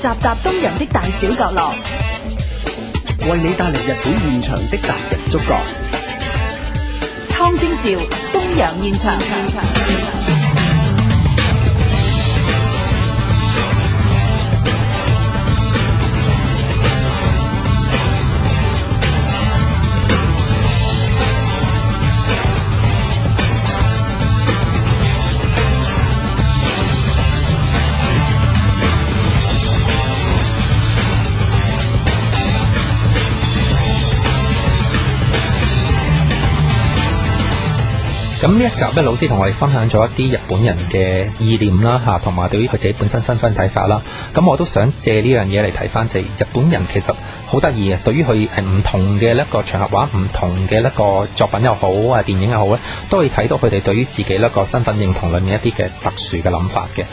集集東洋的大小角落，為你帶嚟日本現場的達人觸覺。湯晶兆東洋現場。現場。咁呢一集咧，老師同我哋分享咗一啲日本人嘅意念啦，嚇，同埋對於佢自己本身身份睇法啦。咁我都想借呢樣嘢嚟睇翻，就係日本人其實好得意嘅。對於佢係唔同嘅一個場合，或者唔同嘅一個作品又好啊，電影又好咧，都可以睇到佢哋對於自己一個身份認同裏面一啲嘅特殊嘅諗法嘅。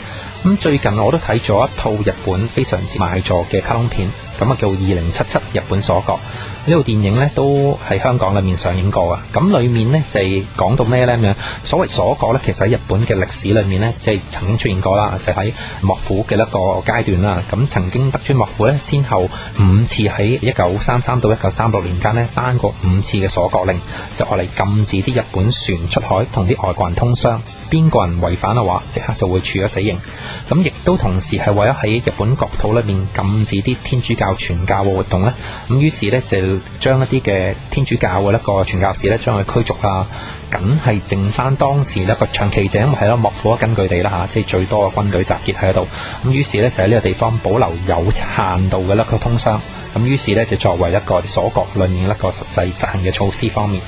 咁最近我都睇咗一套日本非常之賣座嘅卡通片，咁啊，叫《二零七七日本鎖國》呢套電影咧，都喺香港裏面上映過啊！咁裏面呢，就係講到咩呢樣？所謂鎖國呢，其實喺日本嘅歷史裏面呢，即係曾經出現過啦，就喺幕府嘅一個階段啦。咁曾經德川幕府呢，先後五次喺一九三三到一九三六年間咧，頒過五次嘅鎖國令，就嚟禁止啲日本船出海同啲外國人通商。邊個人違反嘅話，即刻就會處咗死刑。咁亦都同時係為咗喺日本國土裏面禁止啲天主教傳教嘅活動呢，咁於是呢，就將一啲嘅天主教嘅一個傳教士呢，將佢驅逐啊，梗係剩翻當時呢個長期者，因為係咯，幕府根據地啦嚇，即係最多嘅軍隊集結喺度。咁於是呢，就喺呢個地方保留有限度嘅一個通商。咁於是呢，就作為一個鎖國裏面一個實際執行嘅措施方面。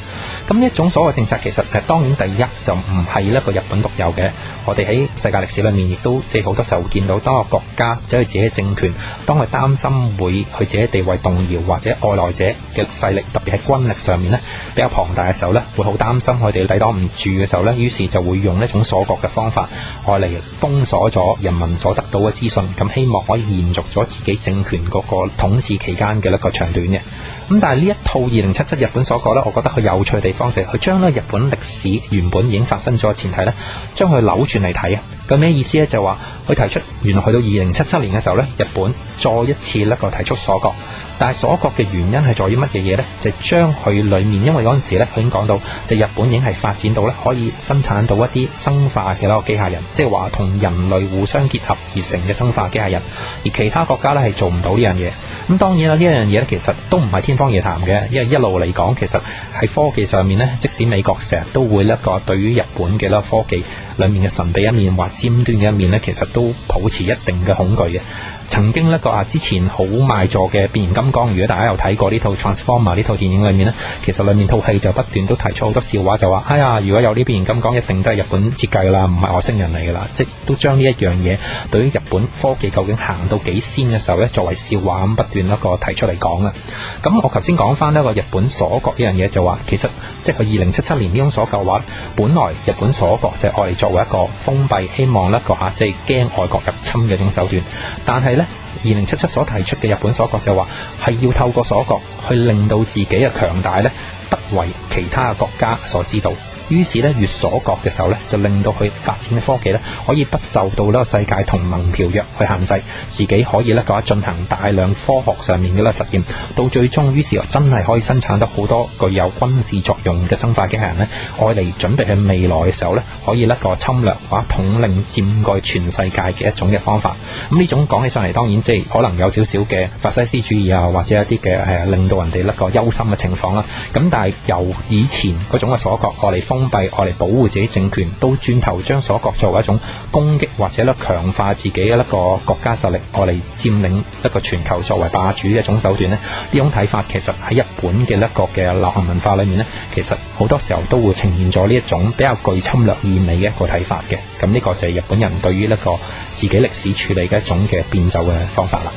咁呢一種所謂政策其實係當然第一就唔係一個日本獨有嘅，我哋喺世界歷史裏面亦都即係好多時候見到，多個國家即係自己政權，當佢擔心會佢自己地位動搖或者外來者嘅勢力，特別係軍力上面呢比較龐大嘅時候呢，會好擔心佢哋抵擋唔住嘅時候呢，於是就會用一種鎖國嘅方法，愛嚟封鎖咗人民所得到嘅資訊，咁希望可以延續咗自己政權嗰個統治期間嘅一個長短嘅。咁但係呢一套二零七七日本鎖國呢，我覺得佢有趣。地方就係佢將咧日本歷史原本已經發生咗前提咧，將佢扭轉嚟睇啊！咁咩意思咧？就話佢提出原來去到二零七七年嘅時候咧，日本再一次咧個提出鎖國，但係鎖國嘅原因係在於乜嘢嘢咧？就係將佢裏面，因為嗰陣時咧佢已經講到，就日本已經係發展到咧可以生產到一啲生化嘅一個機械人，即係話同人類互相結合而成嘅生化機械人，而其他國家咧係做唔到呢樣嘢。咁當然啦，呢一樣嘢咧，其實都唔係天方夜譚嘅，因為一路嚟講，其實喺科技上面咧，即使美國成日都會咧個對於日本嘅咧科技裡面嘅神秘一面或尖端嘅一面咧，其實都抱持一定嘅恐懼嘅。曾經一個啊，之前好賣座嘅變形金剛，如果大家有睇過呢套 Transformer 呢套電影裏面呢，其實裏面套戲就不斷都提出好多笑話，就話哎呀，如果有呢變形金剛，一定都係日本設計啦，唔係外星人嚟噶啦，即都將呢一樣嘢對於日本科技究竟行到幾先嘅時候呢，作為笑話咁不斷一個提出嚟講啊。咁我頭先講翻一個日本鎖國呢樣嘢，就話其實即係佢二零七七年呢種鎖國話，本來日本鎖國就係我哋作為一個封閉，希望一個啊即係驚外國入侵嘅一種手段，但係。咧二零七七所提出嘅日本鎖國就話，係要透過鎖國去令到自己嘅強大咧，得為其他嘅國家所知道。於是咧，越鎖國嘅時候咧，就令到佢發展嘅科技咧，可以不受到呢個世界同盟條約去限制，自己可以咧個進行大量科學上面嘅啦實驗，到最終於是真係可以生產得好多具有軍事作用嘅生化機器人咧，我哋準備喺未來嘅時候咧，可以甩個侵略或統領佔據全世界嘅一種嘅方法。咁、嗯、呢種講起上嚟當然即係可能有少少嘅法西斯主義啊，或者一啲嘅誒令到人哋甩個憂心嘅情況啦。咁但係由以前嗰種嘅鎖國過嚟封封閉用嚟保護自己政權，都轉頭將鎖國作為一種攻擊或者咧強化自己嘅一個國家實力，用嚟佔領一個全球作為霸主嘅一種手段咧。呢種睇法，其實喺日本嘅一個嘅流行文化裏面咧，其實好多時候都會呈現咗呢一種比較具侵略意味嘅一個睇法嘅。咁呢個就係日本人對於一個自己歷史處理嘅一種嘅變奏嘅方法啦。